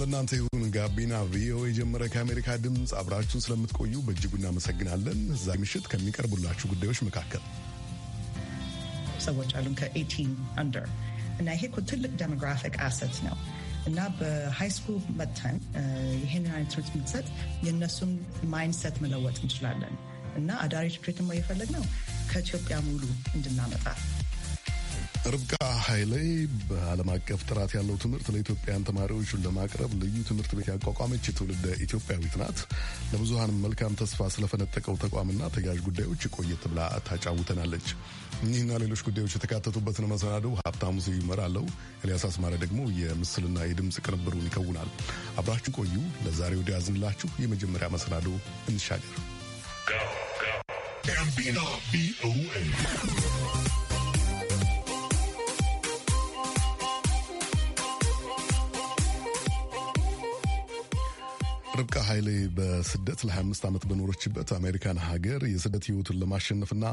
ለእናንተ ይሁን። ጋቢና ቪኦኤ የጀመረ ከአሜሪካ ድምፅ አብራችሁን ስለምትቆዩ በእጅጉ እናመሰግናለን። እዛ ምሽት ከሚቀርቡላችሁ ጉዳዮች መካከል ሰዎች አሉን ከኤቲን አንደር እና ይሄ ትልቅ ዴሞግራፊክ አሰት ነው እና በሃይ ስኩል መተን ይህን አይነት ትምህርት ምትሰጥ የእነሱን ማይንድሰት መለወጥ እንችላለን እና አዳሪ ትምህርት ደግሞ ነው ከኢትዮጵያ ሙሉ እንድናመጣ ርብቃ ኃይሌ በዓለም አቀፍ ጥራት ያለው ትምህርት ለኢትዮጵያን ተማሪዎች ለማቅረብ ልዩ ትምህርት ቤት ያቋቋመች የትውልደ ኢትዮጵያዊት ናት። ለብዙሀን መልካም ተስፋ ስለፈነጠቀው ተቋምና ተጋዥ ጉዳዮች ቆየት ብላ ታጫውተናለች። እኒህና ሌሎች ጉዳዮች የተካተቱበትን መሰናዶው ሀብታሙ ስዩም ይመራዋል። ኤልያስ አስማረ ደግሞ የምስልና የድምፅ ቅንብሩን ይከውናል። አብራችሁ ቆዩ። ለዛሬ ወደ ያዝንላችሁ የመጀመሪያ መሰናዶ እንሻገር። ርብቃ ኃይሌ በስደት ለ25 ዓመት በኖረችበት አሜሪካን ሀገር የስደት ህይወትን ለማሸነፍና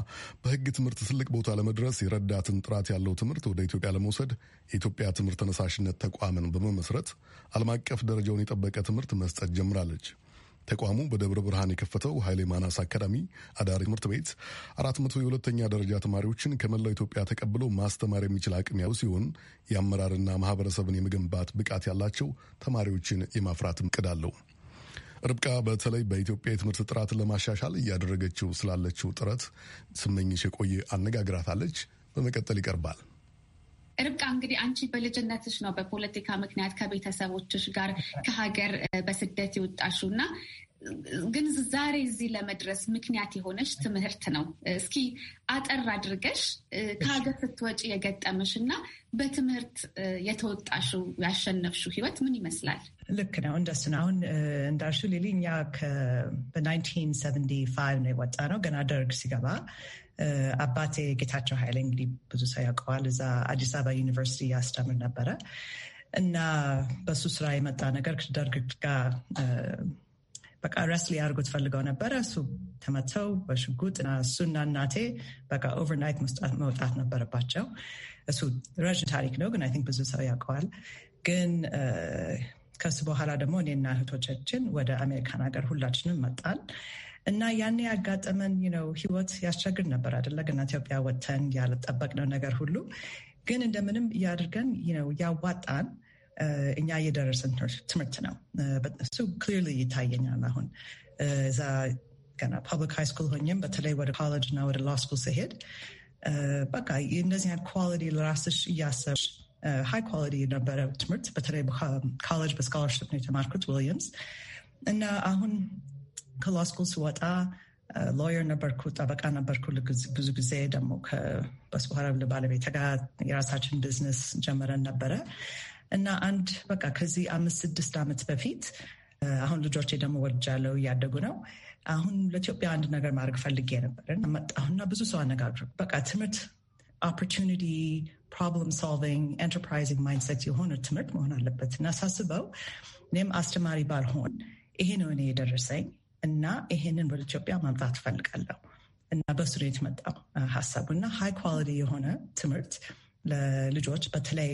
በህግ ትምህርት ትልቅ ቦታ ለመድረስ የረዳትን ጥራት ያለው ትምህርት ወደ ኢትዮጵያ ለመውሰድ የኢትዮጵያ ትምህርት ተነሳሽነት ተቋምን በመመስረት ዓለም አቀፍ ደረጃውን የጠበቀ ትምህርት መስጠት ጀምራለች። ተቋሙ በደብረ ብርሃን የከፈተው ኃይሌ ማናስ አካዳሚ አዳሪ ትምህርት ቤት አራት መቶ የሁለተኛ ደረጃ ተማሪዎችን ከመላው ኢትዮጵያ ተቀብሎ ማስተማር የሚችል አቅም ያው ሲሆን የአመራርና ማህበረሰብን የመገንባት ብቃት ያላቸው ተማሪዎችን የማፍራት እቅድ አለው። ርብቃ በተለይ በኢትዮጵያ የትምህርት ጥራትን ለማሻሻል እያደረገችው ስላለችው ጥረት ስመኝሽ የቆየ አነጋግራታለች። በመቀጠል ይቀርባል። ርብቃ እንግዲህ አንቺ በልጅነትሽ ነው በፖለቲካ ምክንያት ከቤተሰቦችሽ ጋር ከሀገር በስደት የወጣሽው እና ግን ዛሬ እዚህ ለመድረስ ምክንያት የሆነች ትምህርት ነው። እስኪ አጠር አድርገሽ ከሀገር ስትወጪ የገጠመሽ እና በትምህርት የተወጣሽው ያሸነፍሽው ህይወት ምን ይመስላል? ልክ ነው። እንደሱ ነው። አሁን እንዳልሽው ሌሊ እኛ በ1975 ነው የወጣ ነው ገና ደርግ ሲገባ አባቴ ጌታቸው ኃይለ እንግዲህ ብዙ ሰው ያውቀዋል። እዛ አዲስ አበባ ዩኒቨርሲቲ ያስተምር ነበረ እና በሱ ስራ የመጣ ነገር ደርግ ጋር በቃ ረስ አድርጎት ፈልገው ነበረ። እሱ ተመተው በሽጉጥ እሱና እናቴ በቃ ኦቨርናይት መውጣት ነበረባቸው። እሱ ረዥም ታሪክ ነው፣ ግን አይ ቲንክ ብዙ ሰው ያውቀዋል። ግን ከሱ በኋላ ደግሞ እኔና እህቶቻችን ወደ አሜሪካን ሀገር ሁላችንም መጣን እና ያኔ ያጋጠመን ነው ህይወት ያስቸግር ነበር አይደለ? ግን ኢትዮጵያ ወጥተን ያልጠበቅነው ነገር ሁሉ ግን እንደምንም እያድርገን ያዋጣን እኛ እየደረስን ትምህርት ነው። እሱ ክሊርሊ ይታየኛል። አሁን እዛ ገና ፐብሊክ ሃይ ስኩል ሆኝም በተለይ ወደ ኮሌጅ እና ወደ ላ ስኩል ስሄድ በቃ እነዚህ አይነት ኳሊቲ ለራስሽ እያሰብሽ ሃይ ኳሊቲ የነበረ ትምህርት በተለይ ኮሌጅ በስኮላርሽፕ ነው የተማርኩት ዊሊያምስ እና አሁን ከላ ስኩል ስወጣ ሎየር ነበርኩ፣ ጠበቃ ነበርኩ። ብዙ ጊዜ ደግሞ በስበኋላ ባለቤት ጋር የራሳችን ቢዝነስ ጀመረን ነበረ እና አንድ በቃ ከዚህ አምስት ስድስት ዓመት በፊት አሁን ልጆቼ ደግሞ ወልጃለሁ እያደጉ ነው። አሁን ለኢትዮጵያ አንድ ነገር ማድረግ ፈልጌ ነበር እና መጣሁና ብዙ ሰው አነጋግር በቃ ትምህርት ኦፖርቹኒቲ ፕሮብለም ሶልቪንግ ኤንተርፕራይዚንግ ማይንድሴት የሆነ ትምህርት መሆን አለበት እና ሳስበው እኔም አስተማሪ ባልሆን ይሄ ነው እኔ የደረሰኝ እና ይሄንን ወደ ኢትዮጵያ ማምጣት እፈልጋለሁ እና በሱ ነው የተመጣው ሀሳቡ እና ሃይ ኳሊቲ የሆነ ትምህርት ለልጆች በተለይ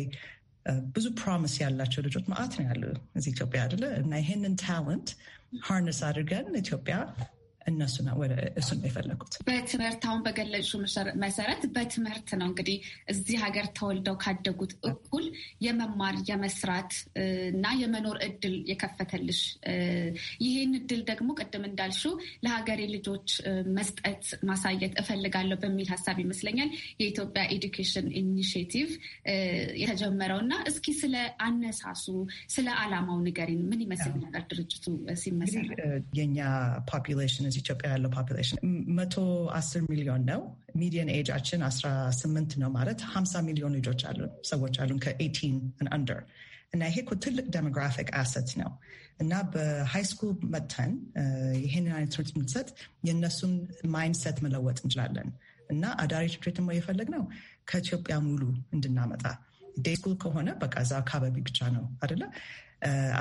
ብዙ ፕሮሚስ ያላቸው ልጆች ማዕት ነው ያሉ እዚህ ኢትዮጵያ አይደለ እና ይህንን ታለንት ሃርነስ አድርገን ኢትዮጵያ እነሱ እሱ ነው የፈለጉት። በትምህርት አሁን በገለጹ መሰረት በትምህርት ነው እንግዲህ እዚህ ሀገር ተወልደው ካደጉት እኩል የመማር የመስራት እና የመኖር እድል የከፈተልሽ ይህን እድል ደግሞ ቅድም እንዳልሹ ለሀገሬ ልጆች መስጠት ማሳየት እፈልጋለሁ በሚል ሀሳብ ይመስለኛል የኢትዮጵያ ኤዱኬሽን ኢኒሽቲቭ የተጀመረው እና እስኪ ስለ አነሳሱ ስለ አላማው ንገሪን። ምን ይመስል ነበር ድርጅቱ ሲመሰረት የኛ ፖፑሌሽን እዚህ ኢትዮጵያ ያለው ፖፕሌሽን መቶ አስር ሚሊዮን ነው። ሚዲየን ኤጃችን አስራ ስምንት ነው ማለት ሀምሳ ሚሊዮን ልጆች አሉ ሰዎች አሉን ከኤቲን አንደር እና ይሄ እኮ ትልቅ ዴሞግራፊክ አሰት ነው እና ስኩል መተን ይህንን አይነት ትምህርት የምትሰጥ የእነሱን ማይንድሰት መለወጥ እንችላለን። እና አዳሪ ትምህርት ቤት ደግሞ የፈለግ ነው ከኢትዮጵያ ሙሉ እንድናመጣ ዴይ ስኩል ከሆነ በቃ እዛ አካባቢ ብቻ ነው አደለ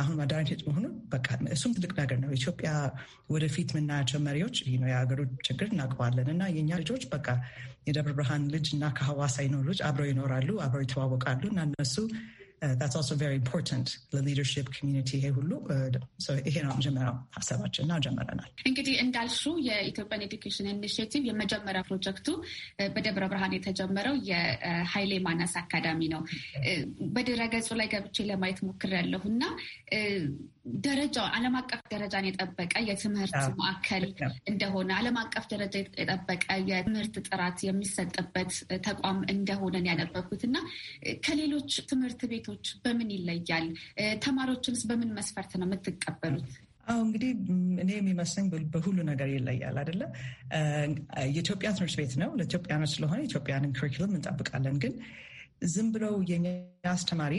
አሁን ማደራጀት መሆኑ በቃ እሱም ትልቅ ነገር ነው። ኢትዮጵያ ወደፊት የምናያቸው መሪዎች ነው የሀገሩ ችግር እናውቀዋለን እና የእኛ ልጆች በቃ የደብረ ብርሃን ልጅ እና ከሀዋሳ ይኖሩ ልጅ አብረው ይኖራሉ፣ አብረው ይተዋወቃሉ እና እነሱ Uh, that's also very important ለሊደርሽፕ ኮሚኒቲ ይሄ ሁሉ ይሄ ነው መጀመሪያው ሀሳባችን እና ጀመረናል። እንግዲህ እንዳልሹ የኢትዮጵያን ኤዱኬሽን ኢኒሽቲቭ የመጀመሪያ ፕሮጀክቱ uh, በደብረ ብርሃን የተጀመረው የሀይሌ ማናስ አካዳሚ ነው። uh, በድረገጹ ላይ ገብቼ ለማየት ሞክሬያለሁ እና ደረጃው ዓለም አቀፍ ደረጃን የጠበቀ የትምህርት ማዕከል እንደሆነ ዓለም አቀፍ ደረጃ የጠበቀ የትምህርት ጥራት የሚሰጥበት ተቋም እንደሆነን ያነበብኩት እና ከሌሎች ትምህርት ቤቶች ወጣቶች በምን ይለያል? ተማሪዎችንስ በምን መስፈርት ነው የምትቀበሉት? አሁ እንግዲህ እኔ የሚመስለኝ በሁሉ ነገር ይለያል አይደለ? የኢትዮጵያ ትምህርት ቤት ነው ለኢትዮጵያኖች ስለሆነ ኢትዮጵያንን ክሪኩለም እንጠብቃለን። ግን ዝም ብለው የኛ አስተማሪ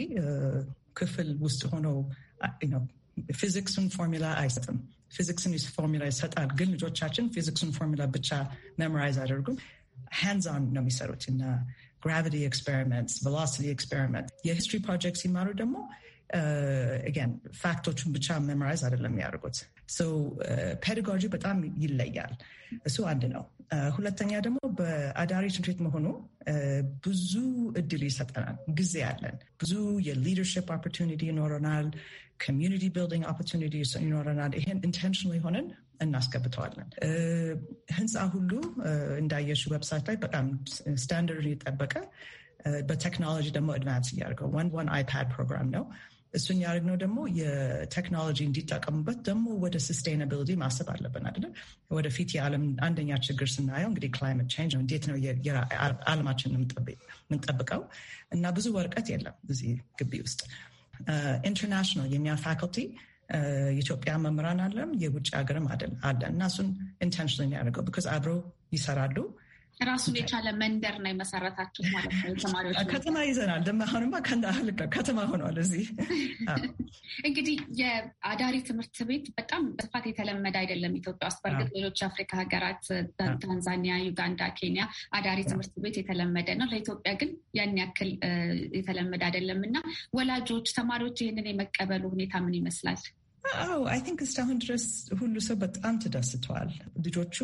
ክፍል ውስጥ ሆኖ ፊዚክስን ፎርሚላ አይሰጥም። ፊዚክስን ፎርሚላ ይሰጣል፣ ግን ልጆቻችን ፊዚክስን ፎርሚላ ብቻ ሜሞራይዝ አደርጉም። ሃንዝ ኦን ነው የሚሰሩት እና ግራቪቲ ኤክስፔሪመንትስ፣ ቬሎሲቲ ኤክስፔሪመንት። የሂስትሪ ፕሮጀክት ሲማሩ ደግሞ ገን uh, ፋክቶቹን ብቻ መመራይዝ አይደለም የሚያደርጉት። ፔዳጎጂ uh, በጣም ይለያል። እሱ አንድ ነው። uh, ሁለተኛ ደግሞ በአዳሪ ትምህርት ቤት መሆኑ ብዙ እድል ይሰጠናል። ጊዜ አለን። ብዙ የሊደርሽፕ ኦፖርቹኒቲ ይኖረናል። ኮሚዩኒቲ ቢልዲንግ ኦፖርቹኒቲ ይኖረናል። ይሄን ኢንቴንሽናል የሆነን እናስገብተዋለን። ህንፃ ሁሉ እንዳየሽ ዌብሳይት ላይ በጣም ስታንዳርድ የጠበቀ በቴክኖሎጂ ደግሞ አድቫንስ እያደርገው ዋን ዋን አይፓድ ፕሮግራም ነው። እሱን ያደርግነው ደግሞ የቴክኖሎጂ እንዲጠቀሙበት ደግሞ ወደ ስስቴናቢሊቲ ማሰብ አለብን አይደለ? ወደፊት የዓለም አንደኛ ችግር ስናየው እንግዲህ ክላይመት ቼንጅ ነው። እንዴት ነው ዓለማችን የምንጠብቀው? እና ብዙ ወረቀት የለም እዚህ ግቢ ውስጥ ኢንተርናሽናል የኛ ፋካልቲ የኢትዮጵያ መምህራን አለም የውጭ ሀገርም አለ እና እሱን ኢንቴንሽን ያደርገው ቢካዝ አብሮ ይሰራሉ ራሱን የቻለ መንደር ነው የመሰረታቸው ማለት ነው። የተማሪዎች ከተማ ይዘናል። አሁንማ ከተማ ሆኗል። እዚህ እንግዲህ የአዳሪ ትምህርት ቤት በጣም በስፋት የተለመደ አይደለም ኢትዮጵያ ውስጥ። በእርግጥ ሌሎች የአፍሪካ ሀገራት ታንዛኒያ፣ ዩጋንዳ፣ ኬንያ አዳሪ ትምህርት ቤት የተለመደ ነው። ለኢትዮጵያ ግን ያን ያክል የተለመደ አይደለም እና ወላጆች፣ ተማሪዎች ይህንን የመቀበሉ ሁኔታ ምን ይመስላል? አዎ አይ ቲንክ እስካሁን ድረስ ሁሉ ሰው በጣም ተደስቷል ልጆቹ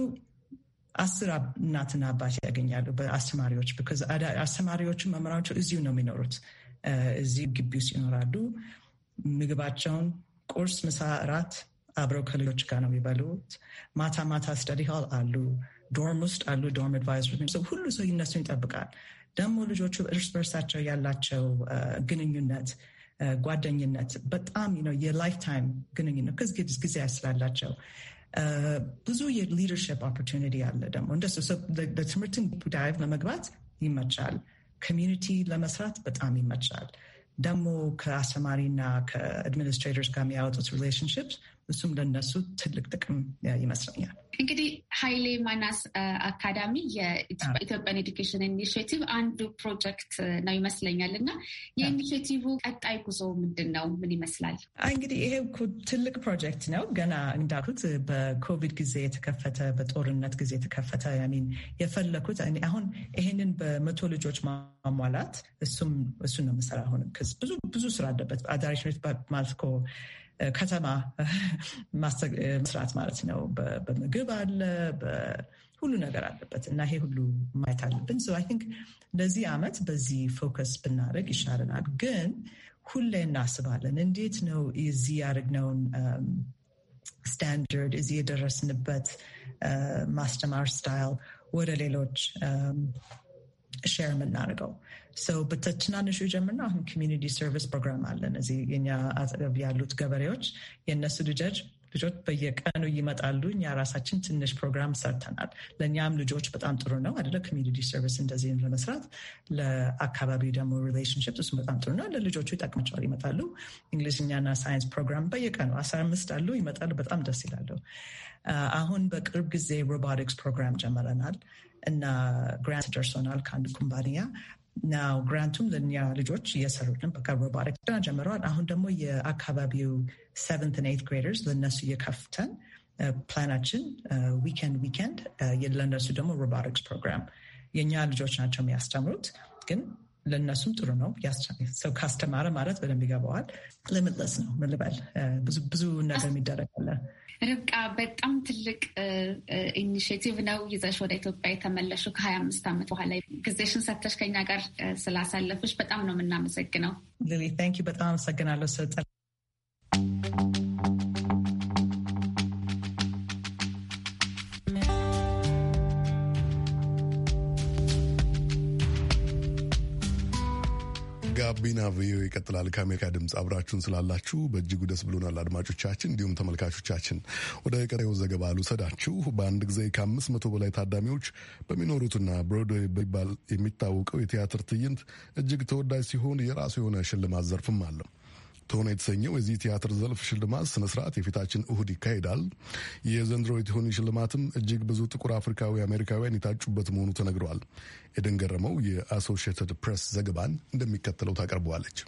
አስር እናትና አባት ያገኛሉ በአስተማሪዎች አስተማሪዎቹ መምህራቸው እዚሁ ነው የሚኖሩት። እዚሁ ግቢ ውስጥ ይኖራሉ። ምግባቸውን ቁርስ፣ ምሳ፣ እራት አብረው ከሌሎች ጋር ነው የሚበሉት። ማታ ማታ ስተዲ ሃል አሉ፣ ዶርም ውስጥ አሉ። ዶርም አድቫይዘር ሁሉ ሰው እነሱን ይጠብቃል። ደግሞ ልጆቹ እርስ በርሳቸው ያላቸው ግንኙነት ጓደኝነት በጣም የላይፍ ታይም ግንኙነት ጊዜ ያስላላቸው ብዙ የሊደርሽፕ ኦፖርቹኒቲ አለ። ደግሞ እንደሱ ለትምህርትን ጉዳይ ለመግባት ይመቻል። ኮሚኒቲ ለመስራት በጣም ይመቻል። ደግሞ ከአስተማሪና ከአድሚኒስትሬተርስ ጋር የሚያወጡት ሪሌሽንሽፕ እሱም ለነሱ ትልቅ ጥቅም ይመስለኛል። እንግዲህ ሀይሌ ማናስ አካዳሚ የኢትዮጵያን ኤዱኬሽን ኢኒሽቲቭ አንዱ ፕሮጀክት ነው ይመስለኛል እና የኢኒሽቲቭ ቀጣይ ጉዞ ምንድን ነው? ምን ይመስላል? እንግዲህ ይሄ ትልቅ ፕሮጀክት ነው። ገና እንዳልኩት በኮቪድ ጊዜ የተከፈተ በጦርነት ጊዜ የተከፈተ ሚን የፈለኩት አሁን ይሄንን በመቶ ልጆች ማሟላት እሱም እሱን ነው የምሰራ አሁን ብዙ ብዙ ስራ አለበት አዳሪሽነት ማለት ከተማ መስራት ማለት ነው። በምግብ አለ፣ ሁሉ ነገር አለበት እና ይሄ ሁሉ ማየት አለብን። አይ ቲንክ ለዚህ ዓመት በዚህ ፎከስ ብናደርግ ይሻለናል። ግን ሁሌ እናስባለን እንዴት ነው የዚህ ያደርግነውን ስታንዳርድ እዚህ የደረስንበት ማስተማር ስታይል ወደ ሌሎች ሼር የምናደርገው ሰው በትናንሹ ጀምርና አሁን ኮሚኒቲ ሰርቪስ ፕሮግራም አለን። እዚህ የኛ አጠገብ ያሉት ገበሬዎች የእነሱ ልጆች ልጆች በየቀኑ ይመጣሉ። እኛ ራሳችን ትንሽ ፕሮግራም ሰርተናል። ለእኛም ልጆች በጣም ጥሩ ነው አደለ? ኮሚኒቲ ሰርቪስ እንደዚህ ለመስራት ለአካባቢው ደግሞ ሪሌሽንሽፕ እሱ በጣም ጥሩ ነው። ለልጆቹ ይጠቅማቸዋል። ይመጣሉ። እንግሊዝኛና ሳይንስ ፕሮግራም በየቀኑ አስራ አምስት አሉ። ይመጣሉ። በጣም ደስ ይላሉ። አሁን በቅርብ ጊዜ ሮቦቲክስ ፕሮግራም ጀምረናል። እና ግራንት ደርሶናል ከአንድ ኩባንያ ናው ግራንቱም ለእኛ ልጆች እየሰሩልን በቅርቡ ባረና ጀምረዋል። አሁን ደግሞ የአካባቢው ሰቨንት እና ኤይት ግሬደርስ ለእነሱ እየከፍተን ፕላናችን ዊኬንድ ዊኬንድ ለእነሱ ደግሞ ሮቦቲክስ ፕሮግራም የእኛ ልጆች ናቸው የሚያስተምሩት ግን ለእነሱም ጥሩ ነው። ሰው ካስተማረ ማለት በደንብ ይገባዋል። ልምለስ ነው ምን ልበል፣ ብዙ ብዙ ነገር ይደረጋለ። ርብቃ በጣም ትልቅ ኢኒሽቲቭ ነው ይዘሽ ወደ ኢትዮጵያ የተመለሹ ከሀያ አምስት ዓመት በኋላ ጊዜሽን ሰተሽ ከኛ ጋር ስላሳለፍሽ በጣም ነው የምናመሰግነው። ሊሊ ታንኪ በጣም አመሰግናለሁ። ጋቢና ቪኦኤ ይቀጥላል። ከአሜሪካ ድምፅ አብራችሁን ስላላችሁ በእጅጉ ደስ ብሎናል አድማጮቻችን፣ እንዲሁም ተመልካቾቻችን። ወደ ቀሪው ዘገባ ልውሰዳችሁ። በአንድ ጊዜ ከአምስት መቶ በላይ ታዳሚዎች በሚኖሩትና ብሮድዌይ በሚባል የሚታወቀው የቲያትር ትዕይንት እጅግ ተወዳጅ ሲሆን የራሱ የሆነ ሽልማት ዘርፍም አለው። ትሆነ የተሰኘው የዚህ ቲያትር ዘልፍ ሽልማት ስነስርዓት የፊታችን እሁድ ይካሄዳል። የዘንድሮ የቶኒ ሽልማትም እጅግ ብዙ ጥቁር አፍሪካዊ አሜሪካውያን የታጩበት መሆኑ ተነግረዋል። ኤደን ገረመው የአሶሺየትድ ፕሬስ ዘገባን እንደሚከተለው ታቀርበዋለች።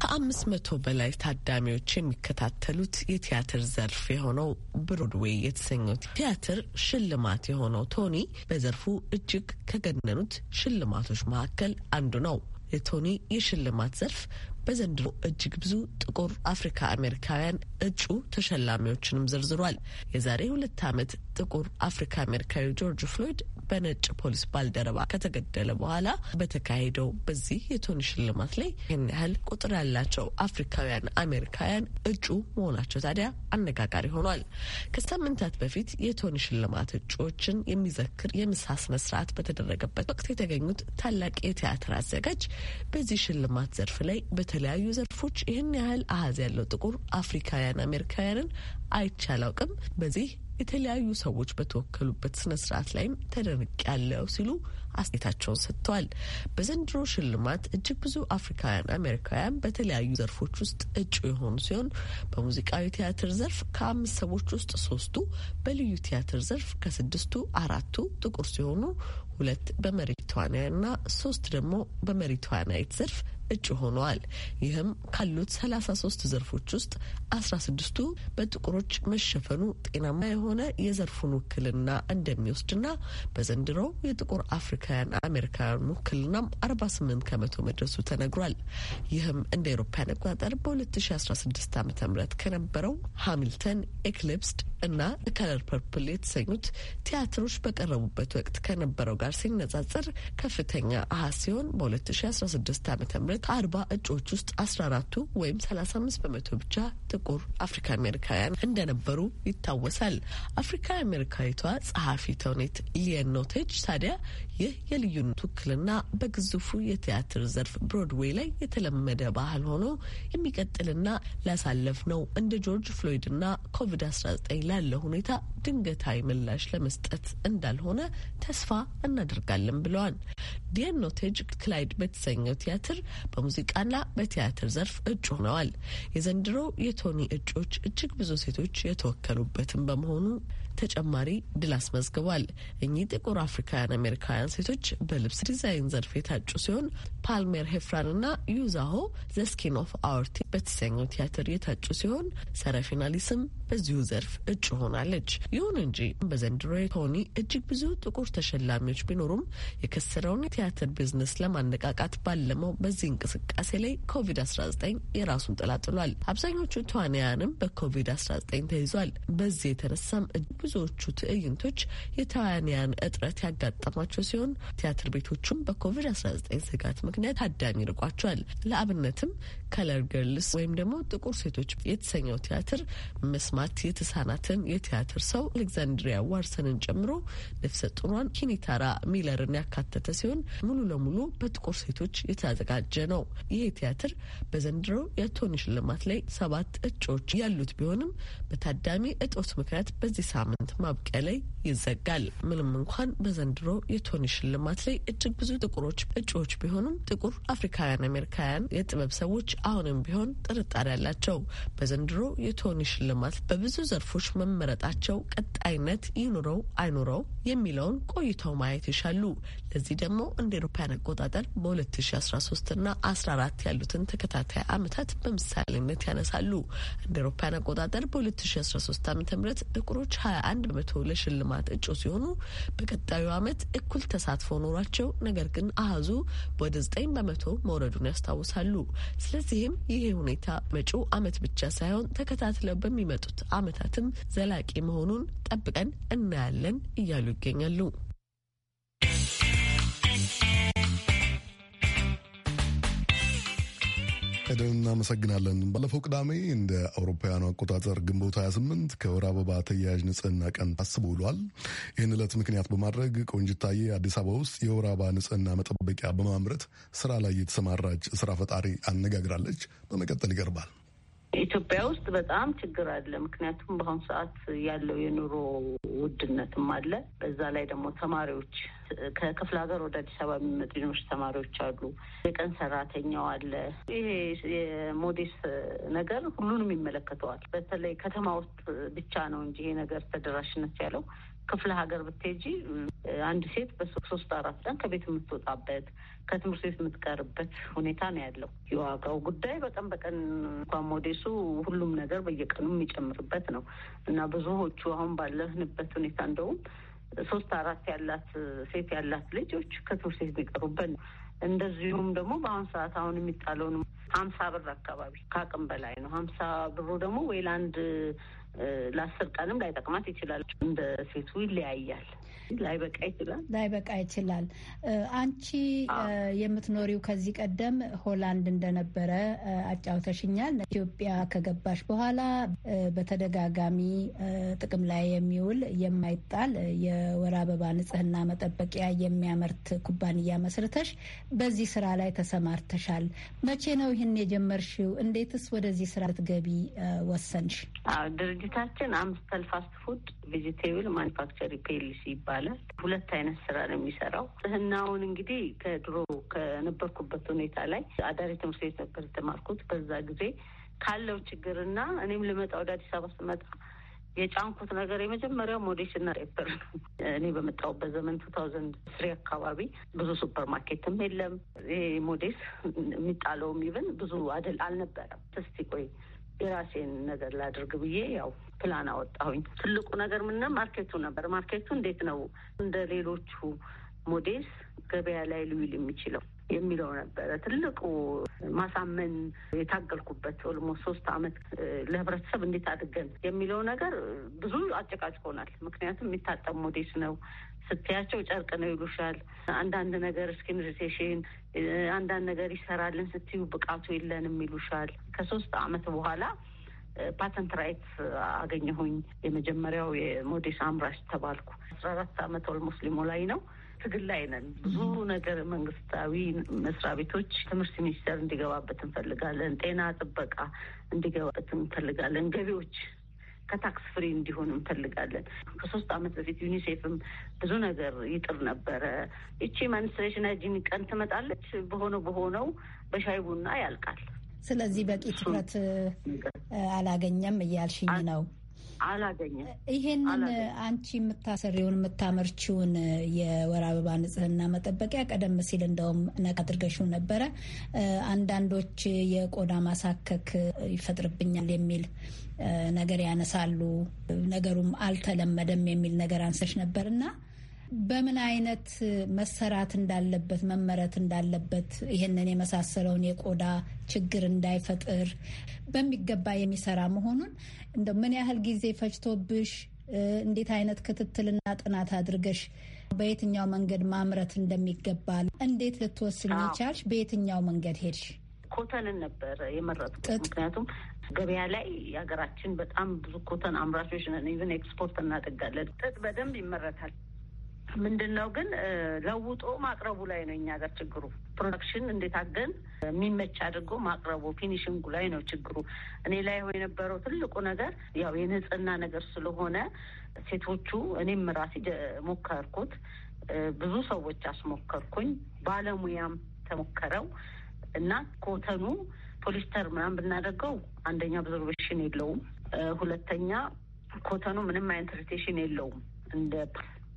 ከአምስት መቶ በላይ ታዳሚዎች የሚከታተሉት የቲያትር ዘርፍ የሆነው ብሮድዌይ የተሰኘው ቲያትር ሽልማት የሆነው ቶኒ በዘርፉ እጅግ ከገነኑት ሽልማቶች መካከል አንዱ ነው። የቶኒ የሽልማት ዘርፍ በዘንድሮ እጅግ ብዙ ጥቁር አፍሪካ አሜሪካውያን እጩ ተሸላሚዎችንም ዘርዝሯል። የዛሬ ሁለት ዓመት ጥቁር አፍሪካ አሜሪካዊ ጆርጅ ፍሎይድ በነጭ ፖሊስ ባልደረባ ከተገደለ በኋላ በተካሄደው በዚህ የቶኒ ሽልማት ላይ ይህን ያህል ቁጥር ያላቸው አፍሪካውያን አሜሪካውያን እጩ መሆናቸው ታዲያ አነጋጋሪ ሆኗል። ከሳምንታት በፊት የቶኒ ሽልማት እጩዎችን የሚዘክር የምሳ ስነ ስርዓት በተደረገበት ወቅት የተገኙት ታላቅ የቲያትር አዘጋጅ በዚህ ሽልማት ዘርፍ ላይ በተ በተለያዩ ዘርፎች ይህን ያህል አሀዝ ያለው ጥቁር አፍሪካውያን አሜሪካውያንን አይቼ አላውቅም። በዚህ የተለያዩ ሰዎች በተወከሉበት ስነ ስርዓት ላይም ተደንቅ ያለው ሲሉ አስተያየታቸውን ሰጥተዋል። በዘንድሮ ሽልማት እጅግ ብዙ አፍሪካውያን አሜሪካውያን በተለያዩ ዘርፎች ውስጥ እጩ የሆኑ ሲሆን በሙዚቃዊ ቲያትር ዘርፍ ከአምስት ሰዎች ውስጥ ሶስቱ፣ በልዩ ቲያትር ዘርፍ ከስድስቱ አራቱ ጥቁር ሲሆኑ ሁለት በመሪ ተዋናያንና ሶስት ደግሞ በመሪ ተዋናይት ዘርፍ እጩ ሆነዋል። ይህም ካሉት 33 ዘርፎች ውስጥ 16ቱ በጥቁሮች መሸፈኑ ጤናማ የሆነ የዘርፉን ውክልና እንደሚወስድና በዘንድሮው የጥቁር አፍሪካውያን አሜሪካውያን ውክልናም 48 ከመቶ መድረሱ ተነግሯል። ይህም እንደ ኤሮፓያን አቆጣጠር በ2016 ዓ ም ከነበረው ሃሚልተን፣ ኤክሊፕስድ እና ከለር ፐርፕል የተሰኙት ቲያትሮች በቀረቡበት ወቅት ከነበረው ጋር ሲነጻጸር ከፍተኛ አሃ ሲሆን በ2016 ዓ ም አርባ እጩዎች ውስጥ አስራ አራቱ ወይም ሰላሳ አምስት በመቶ ብቻ ጥቁር አፍሪካ አሜሪካውያን እንደነበሩ ይታወሳል። አፍሪካ አሜሪካዊቷ ጸሐፊ ተውኔት ኖቴጅ ታዲያ ይህ የልዩነት ውክልና በግዙፉ የቲያትር ዘርፍ ብሮድዌይ ላይ የተለመደ ባህል ሆኖ የሚቀጥልና ላሳለፍ ነው እንደ ጆርጅ ፍሎይድና ኮቪድ-19 ላለ ሁኔታ ድንገታዊ ምላሽ ለመስጠት እንዳልሆነ ተስፋ እናደርጋለን ብለዋል። ዲየኖቴጅ ክላይድ በተሰኘው ቲያትር በሙዚቃና በቲያትር ዘርፍ እጩ ሆነዋል። የዘንድሮ የቶኒ እጩዎች እጅግ ብዙ ሴቶች የተወከሉበትም በመሆኑ ተጨማሪ ድል አስመዝግቧል። እኚህ ጥቁር አፍሪካውያን አሜሪካውያን ሴቶች በልብስ ዲዛይን ዘርፍ የታጩ ሲሆን ፓልሜር ሄፍራን እና ዩዛሆ ዘስኪን ኦፍ አወርቲ በተሰኘው ቲያትር የታጩ ሲሆን ፊናሊስም በዚሁ ዘርፍ እጩ ሆናለች። ይሁን እንጂ በዘንድሮ ቶኒ እጅግ ብዙ ጥቁር ተሸላሚዎች ቢኖሩም የከሰረውን የቲያትር ቢዝነስ ለማነቃቃት ባለመው በዚህ እንቅስቃሴ ላይ ኮቪድ-19 የራሱን ጥላ ጥሏል። አብዛኞቹ ተዋንያንም በኮቪድ-19 ተይዟል። በዚህ የተነሳም ብዙዎቹ ትዕይንቶች የተዋንያን እጥረት ያጋጠማቸው ሲሆን ቲያትር ቤቶቹም በኮቪድ-19 ስጋት ምክንያት ታዳሚ ይርቋቸዋል። ለአብነትም ከለር ገርልስ ወይም ደግሞ ጥቁር ሴቶች የተሰኘው ቲያትር መስማት የተሳናትን የቲያትር ሰው አሌክዛንድሪያ ዋርሰንን ጨምሮ ነፍሰ ጡሯን ኪኒታራ ሚለርን ያካተተ ሲሆን ሙሉ ለሙሉ በጥቁር ሴቶች የተዘጋጀ ነው። ይህ ቲያትር በዘንድሮ የቶኒ ሽልማት ላይ ሰባት እጩዎች ያሉት ቢሆንም በታዳሚ እጦት ምክንያት በዚህ ሳምንት ሳምንት ማብቂያ ላይ ይዘጋል። ምንም እንኳን በዘንድሮ የቶኒ ሽልማት ላይ እጅግ ብዙ ጥቁሮች እጩዎች ቢሆኑም ጥቁር አፍሪካውያን አሜሪካውያን የጥበብ ሰዎች አሁንም ቢሆን ጥርጣሬ አላቸው። በዘንድሮ የቶኒ ሽልማት በብዙ ዘርፎች መመረጣቸው ቀጣይነት ይኑረው አይኑረው የሚለውን ቆይተው ማየት ይሻሉ። ለዚህ ደግሞ እንደ ኤሮፓያን አቆጣጠር በ2013ና 14 ያሉትን ተከታታይ ዓመታት በምሳሌነት ያነሳሉ። እንደ ኤሮፓያን አቆጣጠር በ2013 ዓ ም ጥቁሮች 20 አንድ በመቶ ለሽልማት እጩ ሲሆኑ በቀጣዩ አመት እኩል ተሳትፎ ኖሯቸው ነገር ግን አሀዙ ወደ ዘጠኝ በመቶ መውረዱን ያስታውሳሉ። ስለዚህም ይህ ሁኔታ መጪው አመት ብቻ ሳይሆን ተከታትለው በሚመጡት አመታትም ዘላቂ መሆኑን ጠብቀን እናያለን እያሉ ይገኛሉ። ኤደን እናመሰግናለን። ባለፈው ቅዳሜ እንደ አውሮፓውያኑ አቆጣጠር ግንቦት 28 ከወር አበባ ተያያዥ ንጽህና ቀን ታስቦ ውሏል። ይህን ዕለት ምክንያት በማድረግ ቆንጅታዬ አዲስ አበባ ውስጥ የወር አበባ ንጽህና መጠበቂያ በማምረት ስራ ላይ የተሰማራች ስራ ፈጣሪ አነጋግራለች። በመቀጠል ይቀርባል። ኢትዮጵያ ውስጥ በጣም ችግር አለ። ምክንያቱም በአሁኑ ሰዓት ያለው የኑሮ ውድነትም አለ። በዛ ላይ ደግሞ ተማሪዎች ከክፍለ ሀገር ወደ አዲስ አበባ የሚመጡ ዩኒቨርስቲ ተማሪዎች አሉ። የቀን ሰራተኛው አለ። ይሄ የሞዴስ ነገር ሁሉንም ይመለከተዋል። በተለይ ከተማ ውስጥ ብቻ ነው እንጂ ይሄ ነገር ተደራሽነት ያለው ክፍለ ሀገር ብትሄጂ አንድ ሴት በሶስት አራት ቀን ከቤት የምትወጣበት ከትምህርት ቤት የምትቀርበት ሁኔታ ነው ያለው። የዋጋው ጉዳይ በቀን በቀን እንኳን ሞዴሱ ሁሉም ነገር በየቀኑ የሚጨምርበት ነው እና ብዙዎቹ አሁን ባለንበት ሁኔታ እንደውም ሶስት አራት ያላት ሴት ያላት ልጆች ከትምህርት ቤት የሚቀሩበት ነው። እንደዚሁም ደግሞ በአሁን ሰዓት አሁን የሚጣለውን ሀምሳ ብር አካባቢ ከአቅም በላይ ነው። ሀምሳ ብሩ ደግሞ ወይ ለአንድ ለአስር ቀንም ላይጠቅማት ይችላል። እንደ ሴቱ ይለያያል። ላይበቃ ይችላል ላይበቃ ይችላል። አንቺ የምትኖሪው ከዚህ ቀደም ሆላንድ እንደነበረ አጫውተሽኛል። ኢትዮጵያ ከገባሽ በኋላ በተደጋጋሚ ጥቅም ላይ የሚውል የማይጣል የወር አበባ ንጽህና መጠበቂያ የሚያመርት ኩባንያ መስርተሽ በዚህ ስራ ላይ ተሰማርተሻል። መቼ ነው ይህን የጀመርሽው? እንዴትስ ወደዚህ ስራ ልትገቢ ወሰንሽ? ድርጅታችን አምስተል ፋስት ፉድ ማኒፋክቸሪ ፔልሲ ይባላል ይባላል። ሁለት አይነት ስራ ነው የሚሰራው። ጽህናውን እንግዲህ ከድሮ ከነበርኩበት ሁኔታ ላይ አዳሪ ትምህርት ቤት ነበር የተማርኩት። በዛ ጊዜ ካለው ችግርና እኔም ልመጣ ወደ አዲስ አበባ ስመጣ የጫንኩት ነገር የመጀመሪያው ሞዴስና ሬፐር ነው። እኔ በመጣሁበት ዘመን ቱ ታውዘንድ ስሪ አካባቢ ብዙ ሱፐር ማርኬትም የለም። ይሄ ሞዴስ የሚጣለውም ይብን ብዙ አደል አልነበረም። እስቲ ቆይ የራሴን ነገር ላድርግ ብዬ ያው ፕላን አወጣሁኝ። ትልቁ ነገር ምንነ ማርኬቱ ነበር። ማርኬቱ እንዴት ነው እንደ ሌሎቹ ሞዴልስ ገበያ ላይ ልውል የሚችለው? የሚለው ነበረ ትልቁ ማሳመን የታገልኩበት ኦልሞስት ሶስት አመት ለህብረተሰብ እንዴት አድገን የሚለው ነገር ብዙ አጨቃጭቆናል። ምክንያቱም የሚታጠብ ሞዴስ ነው ስትያቸው ጨርቅ ነው ይሉሻል። አንዳንድ ነገር ስኪን ሪሴሽን አንዳንድ ነገር ይሰራልን ስትዩ ብቃቱ የለንም ይሉሻል። ከሶስት አመት በኋላ ፓተንት ራይት አገኘሁኝ። የመጀመሪያው የሞዴስ አምራች ተባልኩ። አስራ አራት አመት ኦልሞስት ሊሞላኝ ነው። ትግል ላይ ነን። ብዙ ነገር መንግስታዊ መስሪያ ቤቶች ትምህርት ሚኒስቴር እንዲገባበት እንፈልጋለን። ጤና ጥበቃ እንዲገባበት እንፈልጋለን። ገቢዎች ከታክስ ፍሪ እንዲሆን እንፈልጋለን። ከሶስት ዓመት በፊት ዩኒሴፍም ብዙ ነገር ይጥር ነበረ። ይቺ ማኒስትሬሽን ጂን ቀን ትመጣለች። በሆነው በሆነው በሻይ ቡና ያልቃል። ስለዚህ በቂ ትኩረት አላገኘም እያልሽኝ ነው? አላገኘም። ይሄንን አንቺ የምታሰሪውን የምታመርችውን የወር አበባ ንጽህና መጠበቂያ ቀደም ሲል እንደውም ነቅ አድርገሽው ነበረ። አንዳንዶች የቆዳ ማሳከክ ይፈጥርብኛል የሚል ነገር ያነሳሉ፣ ነገሩም አልተለመደም የሚል ነገር አንሰሽ ነበር እና በምን አይነት መሰራት እንዳለበት መመረት እንዳለበት ይህንን የመሳሰለውን የቆዳ ችግር እንዳይፈጥር በሚገባ የሚሰራ መሆኑን እንደ ምን ያህል ጊዜ ፈጅቶብሽ እንዴት አይነት ክትትልና ጥናት አድርገሽ በየትኛው መንገድ ማምረት እንደሚገባ እንዴት ልትወስኝ ይቻልሽ? በየትኛው መንገድ ሄድሽ? ኮተንን ነበር የመረጥኩት። ምክንያቱም ገበያ ላይ የሀገራችን በጣም ብዙ ኮተን አምራቾች ነን። ኢቨን ኤክስፖርት እናደርጋለን። ጥጥ በደንብ ይመረታል። ምንድን ነው ግን ለውጦ ማቅረቡ ላይ ነው እኛ ጋር ችግሩ። ፕሮዳክሽን እንዴት አገን የሚመች አድርጎ ማቅረቡ ፊኒሽንጉ ላይ ነው ችግሩ። እኔ ላይ የነበረው ትልቁ ነገር ያው የንጽህና ነገር ስለሆነ ሴቶቹ እኔም ራሴ ሞከርኩት፣ ብዙ ሰዎች አስሞከርኩኝ፣ ባለሙያም ተሞከረው እና ኮተኑ ፖሊስተር ምናምን ብናደርገው አንደኛ አብዞርቬሽን የለውም፣ ሁለተኛ ኮተኑ ምንም አይነት ሪቴሽን የለውም እንደ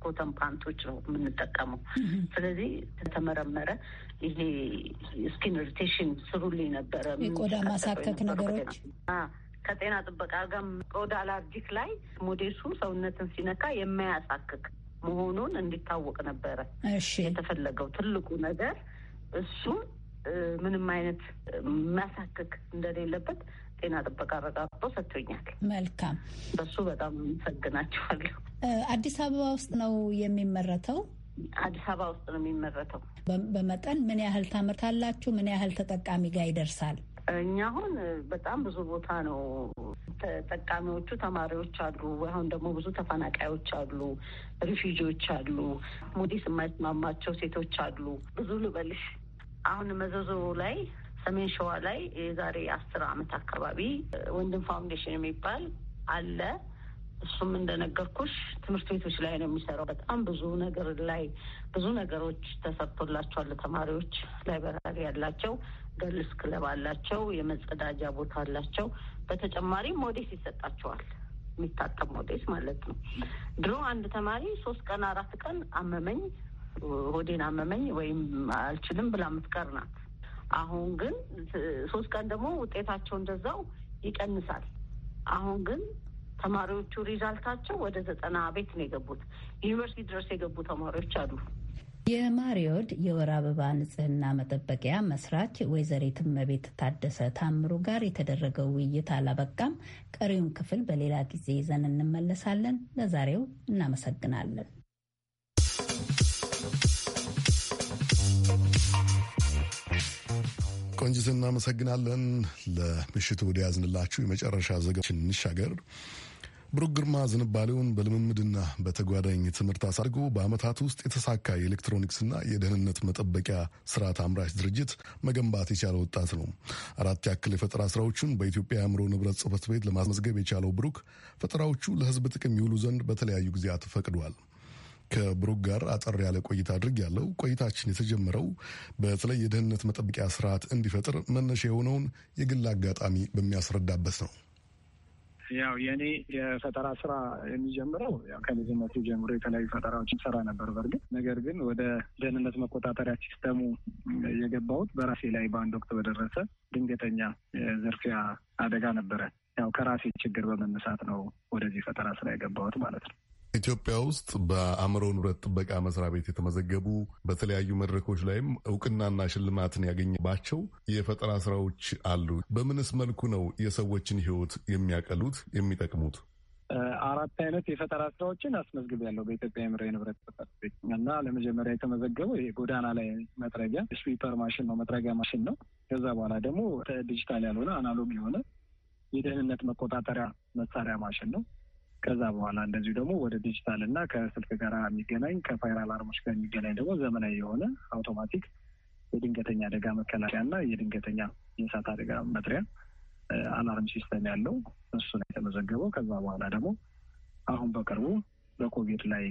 ኮተን ፓንቶች ነው የምንጠቀመው። ስለዚህ ተመረመረ። ይሄ ስኪን ኢሪቴሽን ስሩልኝ ነበረ የቆዳ ማሳከክ ነገሮች ከጤና ጥበቃ ጋር ቆዳ አላርጂክ ላይ ሞዴሱ ሰውነትን ሲነካ የማያሳክክ መሆኑን እንዲታወቅ ነበረ የተፈለገው ትልቁ ነገር እሱም ምንም አይነት የሚያሳክክ እንደሌለበት ጤና ጥበቃ አረጋግጦ ሰጥቶኛል። መልካም፣ በሱ በጣም አመሰግናችኋለሁ። አዲስ አበባ ውስጥ ነው የሚመረተው? አዲስ አበባ ውስጥ ነው የሚመረተው። በመጠን ምን ያህል ታመርታላችሁ? ምን ያህል ተጠቃሚ ጋር ይደርሳል? እኛ አሁን በጣም ብዙ ቦታ ነው ተጠቃሚዎቹ። ተማሪዎች አሉ፣ አሁን ደግሞ ብዙ ተፈናቃዮች አሉ፣ ሪፊጂዎች አሉ፣ ሙዲስ የማይስማማቸው ሴቶች አሉ። ብዙ ልበልሽ አሁን መዘዞ ላይ ሰሜን ሸዋ ላይ የዛሬ አስር አመት አካባቢ ወንድም ፋውንዴሽን የሚባል አለ። እሱም እንደነገርኩሽ ትምህርት ቤቶች ላይ ነው የሚሰራው። በጣም ብዙ ነገር ላይ ብዙ ነገሮች ተሰርቶላቸዋል። ተማሪዎች ላይበራሪ ያላቸው፣ ገልስ ክለብ አላቸው፣ የመጸዳጃ ቦታ አላቸው። በተጨማሪም ሞዴስ ይሰጣቸዋል። የሚታጠብ ሞዴስ ማለት ነው። ድሮ አንድ ተማሪ ሶስት ቀን አራት ቀን አመመኝ፣ ሆዴን አመመኝ ወይም አልችልም ብላ የምትቀር ናት። አሁን ግን ሶስት ቀን ደግሞ ውጤታቸው እንደዛው ይቀንሳል። አሁን ግን ተማሪዎቹ ሪዛልታቸው ወደ ዘጠና ቤት ነው የገቡት። ዩኒቨርሲቲ ድረስ የገቡ ተማሪዎች አሉ። የማሪዮድ የወር አበባ ንጽህና መጠበቂያ መስራች ወይዘሪት እመቤት ታደሰ ታምሩ ጋር የተደረገው ውይይት አላበቃም። ቀሪውን ክፍል በሌላ ጊዜ ይዘን እንመለሳለን። ለዛሬው እናመሰግናለን። ቆንጅት እናመሰግናለን። ለምሽቱ ወደ ያዝንላችሁ የመጨረሻ ዘገባችን እንሻገር። ብሩክ ግርማ ዝንባሌውን በልምምድና በተጓዳኝ ትምህርት አሳድጎ በዓመታት ውስጥ የተሳካ የኤሌክትሮኒክስና የደህንነት መጠበቂያ ስርዓት አምራች ድርጅት መገንባት የቻለ ወጣት ነው። አራት ያክል የፈጠራ ስራዎቹን በኢትዮጵያ አእምሮ ንብረት ጽፈት ቤት ለማስመዝገብ የቻለው ብሩክ ፈጠራዎቹ ለሕዝብ ጥቅም ይውሉ ዘንድ በተለያዩ ጊዜያት ፈቅዷል። ከብሩክ ጋር አጠር ያለ ቆይታ አድርግ ያለው ቆይታችን የተጀመረው በተለይ የደህንነት መጠበቂያ ስርዓት እንዲፈጥር መነሻ የሆነውን የግል አጋጣሚ በሚያስረዳበት ነው። ያው የእኔ የፈጠራ ስራ የሚጀምረው ያው ከልጅነቱ ጀምሮ የተለያዩ ፈጠራዎችን ሰራ ነበር። በእርግጥ ነገር ግን ወደ ደህንነት መቆጣጠሪያ ሲስተሙ የገባሁት በራሴ ላይ በአንድ ወቅት በደረሰ ድንገተኛ ዝርፊያ አደጋ ነበረ። ያው ከራሴ ችግር በመነሳት ነው ወደዚህ ፈጠራ ስራ የገባሁት ማለት ነው። ኢትዮጵያ ውስጥ በአእምሮ ንብረት ጥበቃ መስሪያ ቤት የተመዘገቡ በተለያዩ መድረኮች ላይም እውቅናና ሽልማትን ያገኘባቸው የፈጠራ ስራዎች አሉ። በምንስ መልኩ ነው የሰዎችን ህይወት የሚያቀሉት የሚጠቅሙት? አራት አይነት የፈጠራ ስራዎችን ያለው በኢትዮጵያ የአእምሮ ንብረት ጥበቃ ቤት እና ለመጀመሪያ የተመዘገበው የጎዳና ላይ መጥረጊያ ስዊፐር ማሽን ነው፣ መጥረጊያ ማሽን ነው። ከዛ በኋላ ደግሞ ዲጂታል ያልሆነ አናሎግ የሆነ የደህንነት መቆጣጠሪያ መሳሪያ ማሽን ነው። ከዛ በኋላ እንደዚሁ ደግሞ ወደ ዲጂታል እና ከስልክ ጋር የሚገናኝ ከፋይር አላርሞች ጋር የሚገናኝ ደግሞ ዘመናዊ የሆነ አውቶማቲክ የድንገተኛ አደጋ መከላከያ እና የድንገተኛ የእሳት አደጋ መጥሪያ አላርም ሲስተም ያለው እሱ ነው የተመዘገበው። ከዛ በኋላ ደግሞ አሁን በቅርቡ በኮቪድ ላይ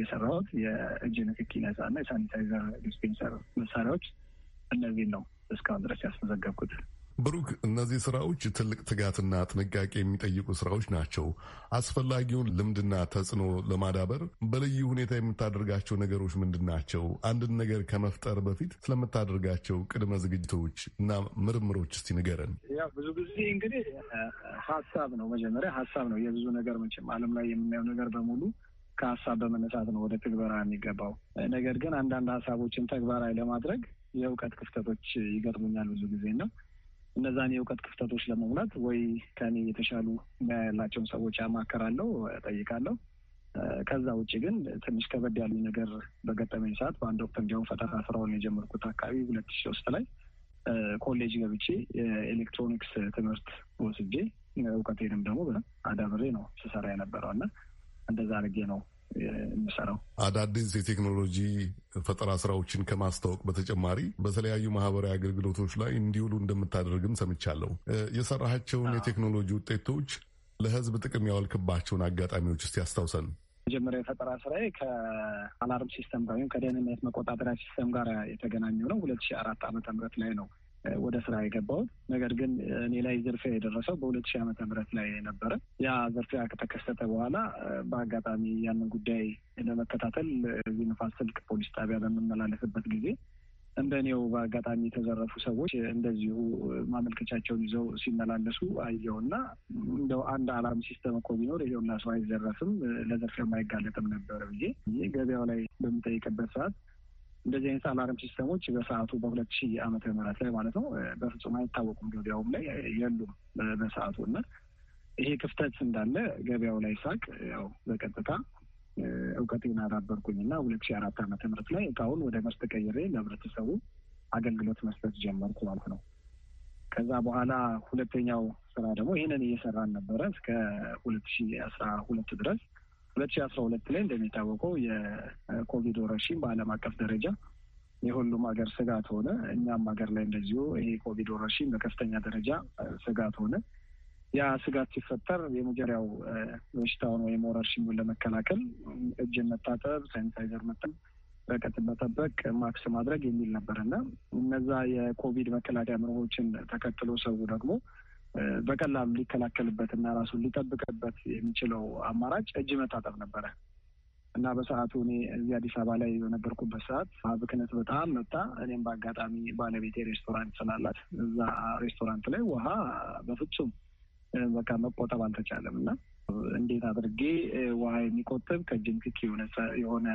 የሰራሁት የእጅ ንክኪ ነጻ እና የሳኒታይዘር ዲስፔንሰር መሳሪያዎች እነዚህን ነው እስካሁን ድረስ ያስመዘገብኩት። ብሩክ፣ እነዚህ ስራዎች ትልቅ ትጋትና ጥንቃቄ የሚጠይቁ ስራዎች ናቸው። አስፈላጊውን ልምድና ተጽዕኖ ለማዳበር በልዩ ሁኔታ የምታደርጋቸው ነገሮች ምንድን ናቸው? አንድን ነገር ከመፍጠር በፊት ስለምታደርጋቸው ቅድመ ዝግጅቶች እና ምርምሮች እስቲ ንገረን። ያው ብዙ ጊዜ እንግዲህ ሀሳብ ነው መጀመሪያ ሀሳብ ነው። የብዙ ነገር መቼም ዓለም ላይ የምናየው ነገር በሙሉ ከሀሳብ በመነሳት ነው ወደ ትግበራ የሚገባው። ነገር ግን አንዳንድ ሀሳቦችን ተግባራዊ ለማድረግ የእውቀት ክፍተቶች ይገጥሙኛል ብዙ ጊዜ ነው እነዛን የእውቀት ክፍተቶች ለመሙላት ወይ ከኔ የተሻሉ ሙያ ያላቸውን ሰዎች ያማከራለሁ፣ ጠይቃለሁ። ከዛ ውጭ ግን ትንሽ ከበድ ያሉ ነገር በገጠመኝ ሰዓት በአንድ ወቅት እንዲያውም ፈጠራ ስራውን የጀመርኩት አካባቢ ሁለት ሺ ውስጥ ላይ ኮሌጅ ገብቼ የኤሌክትሮኒክስ ትምህርት ወስጄ እውቀቴንም ደግሞ አዳብሬ ነው ስሰራ የነበረው እና እንደዛ አድርጌ ነው የሚሰራው። አዳዲስ የቴክኖሎጂ ፈጠራ ስራዎችን ከማስታወቅ በተጨማሪ በተለያዩ ማህበራዊ አገልግሎቶች ላይ እንዲውሉ እንደምታደርግም ሰምቻለሁ። የሰራሃቸውን የቴክኖሎጂ ውጤቶች ለህዝብ ጥቅም ያዋልክባቸውን አጋጣሚዎች ስ ያስታውሰን። መጀመሪያ የፈጠራ ስራዬ ከአላርም ሲስተም ጋር ወይም ከደህንነት መቆጣጠሪያ ሲስተም ጋር የተገናኘው ነው። ሁለት ሺህ አራት ዓመተ ምህረት ላይ ነው ወደ ስራ የገባሁት። ነገር ግን እኔ ላይ ዝርፊያ የደረሰው በሁለት ሺህ ዓመተ ምህረት ላይ ነበረ። ያ ዝርፊያ ከተከሰተ በኋላ በአጋጣሚ ያንን ጉዳይ ለመከታተል እዚህ ንፋስ ስልክ ፖሊስ ጣቢያ በምመላለስበት ጊዜ እንደ እኔው በአጋጣሚ የተዘረፉ ሰዎች እንደዚሁ ማመልከቻቸውን ይዘው ሲመላለሱ አየውና እንደው አንድ አላርም ሲስተም እኮ ቢኖር ይሄውና ሰው አይዘረፍም፣ ለዘርፊያ አይጋለጥም ነበር ብዬ ገበያው ላይ በምጠይቅበት ሰዓት እንደዚህ አይነት አላርም ሲስተሞች በሰዓቱ በሁለት ሺህ ዓመተ ምህረት ላይ ማለት ነው በፍጹም አይታወቁም። ገበያውም ላይ የሉም በሰዓቱ እና ይሄ ክፍተት እንዳለ ገበያው ላይ ሳቅ ያው በቀጥታ እውቀቴን አዳበርኩኝ እና ሁለት ሺህ አራት ዓመተ ምህረት ላይ እቃውን ወደ ምርት ቀይሬ ለህብረተሰቡ አገልግሎት መስጠት ጀመርኩ ማለት ነው። ከዛ በኋላ ሁለተኛው ስራ ደግሞ ይህንን እየሰራን ነበረ እስከ ሁለት ሺህ አስራ ሁለት ድረስ ሁለት ሺ አስራ ሁለት ላይ እንደሚታወቀው የኮቪድ ወረርሽኝ በዓለም አቀፍ ደረጃ የሁሉም ሀገር ስጋት ሆነ። እኛም ሀገር ላይ እንደዚሁ ይሄ ኮቪድ ወረርሽኝ በከፍተኛ ደረጃ ስጋት ሆነ። ያ ስጋት ሲፈጠር የመጀመሪያው በሽታውን ወይም ወረርሽኙን ለመከላከል እጅን መታጠብ፣ ሳኒታይዘር መጠን፣ ርቀት መጠበቅ፣ ማክስ ማድረግ የሚል ነበር እና እነዛ የኮቪድ መከላከያ ምርቦችን ተከትሎ ሰው ደግሞ በቀላሉ ሊከላከልበት እና ራሱን ሊጠብቅበት የሚችለው አማራጭ እጅ መታጠብ ነበረ እና በሰዓቱ እኔ እዚህ አዲስ አበባ ላይ በነበርኩበት ሰዓት ብክነት በጣም መጣ። እኔም በአጋጣሚ ባለቤት ሬስቶራንት ስላላት እዛ ሬስቶራንት ላይ ውሃ በፍጹም በቃ መቆጠብ አልተቻለም እና እንዴት አድርጌ ውሃ የሚቆጥብ ከእጅም ክክ የሆነ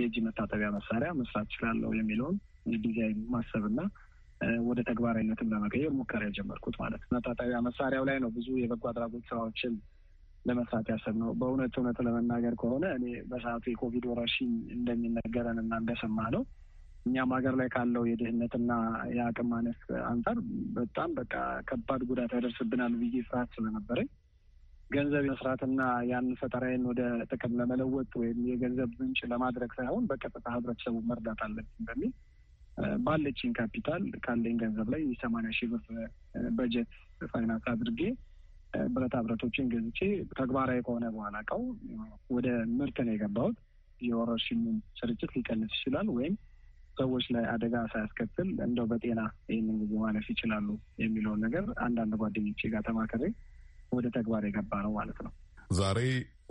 የእጅ መታጠቢያ መሳሪያ መስራት እችላለሁ የሚለውን ዲዛይን ማሰብ ወደ ተግባራዊነትም ለመቀየር ሙከራ የጀመርኩት ማለት ነው። መታጠቢያ መሳሪያው ላይ ነው ብዙ የበጎ አድራጎት ስራዎችን ለመስራት ያሰብነው። በእውነት እውነት ለመናገር ከሆነ እኔ በሰዓቱ የኮቪድ ወረርሽኝ እንደሚነገረን እና እንደሰማ ነው እኛም ሀገር ላይ ካለው የድህነትና የአቅም ማነስ አንጻር በጣም በቃ ከባድ ጉዳት ያደርስብናል ብዬ ፍርሃት ስለነበረኝ ገንዘብ መስራትና ያን ፈጠራዬን ወደ ጥቅም ለመለወጥ ወይም የገንዘብ ምንጭ ለማድረግ ሳይሆን በቀጥታ ህብረተሰቡ መርዳት አለብኝ በሚል ባለችን ካፒታል ካለኝ ገንዘብ ላይ የሰማንያ ሺህ ብር በጀት ፋይናንስ አድርጌ ብረታ ብረቶችን ገዝቼ ተግባራዊ ከሆነ በኋላ ቀው ወደ ምርት ነው የገባሁት። የወረርሽኙን ስርጭት ሊቀንስ ይችላል ወይም ሰዎች ላይ አደጋ ሳያስከትል እንደው በጤና ይህንን ጊዜ ማለፍ ይችላሉ የሚለውን ነገር አንዳንድ ጓደኞቼ ጋር ተማከሬ ወደ ተግባር የገባ ነው ማለት ነው። ዛሬ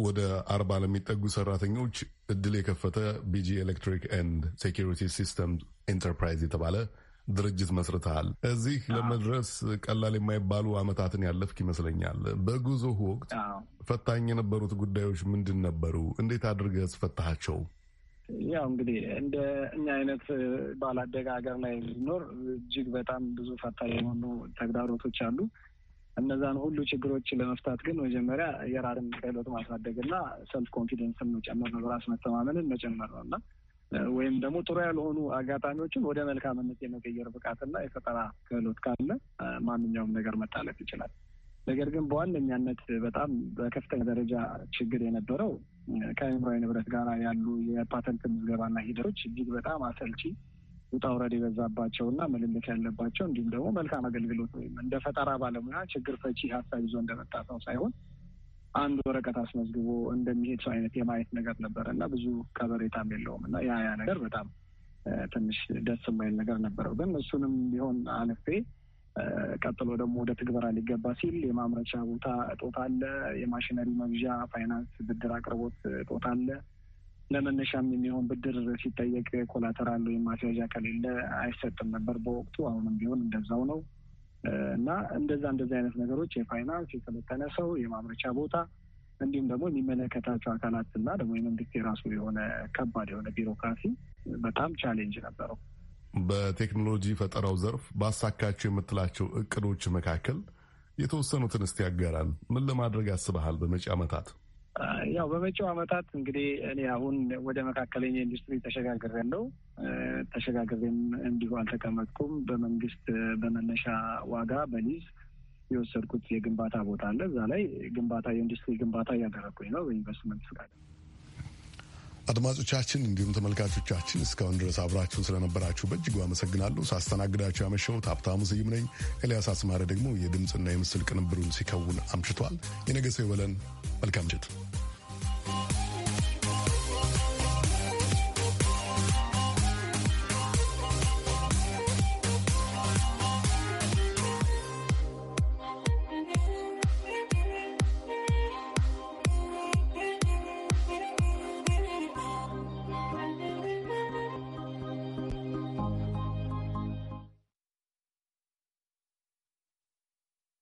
ወደ አርባ ለሚጠጉ ሰራተኞች እድል የከፈተ ቢጂ ኤሌክትሪክ ኤንድ ሴኪሪቲ ሲስተም ኤንተርፕራይዝ የተባለ ድርጅት መስርተሃል። እዚህ ለመድረስ ቀላል የማይባሉ ዓመታትን ያለፍክ ይመስለኛል። በጉዞህ ወቅት ፈታኝ የነበሩት ጉዳዮች ምንድን ነበሩ? እንዴት አድርገህ ፈታሃቸው? ያው እንግዲህ እንደ እኛ አይነት ባላደገ ሀገር ላይ ሊኖር እጅግ በጣም ብዙ ፈታኝ የሆኑ ተግዳሮቶች አሉ። እነዛን ሁሉ ችግሮች ለመፍታት ግን መጀመሪያ የራርን ክህሎት ማሳደግ ሰልፍ ኮንፊደንስን መጨመር ነው፣ በራስ መተማመንን መጨመር ነው እና ወይም ደግሞ ጥሩ ያልሆኑ አጋጣሚዎችን ወደ መልካምነት የመቀየር ብቃትና የፈጠራ ክህሎት ካለ ማንኛውም ነገር መታለፍ ይችላል። ነገር ግን በዋነኛነት በጣም በከፍተኛ ደረጃ ችግር የነበረው ከአእምሯዊ ንብረት ጋር ያሉ የፓተንት ምዝገባና ሂደቶች እጅግ በጣም አሰልቺ ውጣ ውረድ የበዛባቸው እና ምልልት ያለባቸው እንዲሁም ደግሞ መልካም አገልግሎት ወይም እንደ ፈጠራ ባለሙያ ችግር ፈቺ ሀሳብ ይዞ እንደመጣ ሰው ሳይሆን አንድ ወረቀት አስመዝግቦ እንደሚሄድ ሰው አይነት የማየት ነገር ነበረ እና ብዙ ከበሬታም የለውም እና ያ ያ ነገር በጣም ትንሽ ደስ የማይል ነገር ነበረው። ግን እሱንም ቢሆን አልፌ ቀጥሎ ደግሞ ወደ ትግበራ ሊገባ ሲል የማምረቻ ቦታ እጦት አለ፣ የማሽነሪ መግዣ ፋይናንስ ብድር አቅርቦት እጦት አለ፣ ለመነሻም የሚሆን ብድር ሲጠየቅ ኮላተራል ወይም ማስያዣ ከሌለ አይሰጥም ነበር በወቅቱ። አሁንም ቢሆን እንደዛው ነው እና እንደዛ እንደዛ አይነት ነገሮች የፋይናንስ የሰለጠነ ሰው የማምረቻ ቦታ እንዲሁም ደግሞ የሚመለከታቸው አካላት እና ደግሞ የመንግስት የራሱ የሆነ ከባድ የሆነ ቢሮክራሲ በጣም ቻሌንጅ ነበረው። በቴክኖሎጂ ፈጠራው ዘርፍ ባሳካቸው የምትላቸው እቅዶች መካከል የተወሰኑትን እስቲ ያጋራል። ምን ለማድረግ ያስበሃል በመጪ ዓመታት? ያው በመጪው አመታት እንግዲህ እኔ አሁን ወደ መካከለኛ ኢንዱስትሪ ነው ተሸጋግሬም እንዲሁ አልተቀመጥኩም። በመንግስት በመነሻ ዋጋ በሊዝ የወሰድኩት የግንባታ ቦታ አለ። እዛ ላይ ግንባታ የኢንዱስትሪ ግንባታ እያደረግኩኝ ነው በኢንቨስትመንት ፍቃድ አድማጮቻችን እንዲሁም ተመልካቾቻችን እስካሁን ድረስ አብራችሁን ስለነበራችሁ በእጅጉ አመሰግናለሁ። ሳስተናግዳችሁ ያመሸሁት ሀብታሙ ስዩም ነኝ። ኤልያስ አስማረ ደግሞ የድምፅና የምስል ቅንብሩን ሲከውን አምሽቷል። የነገ ሰው ይበለን። መልካም ምሽት።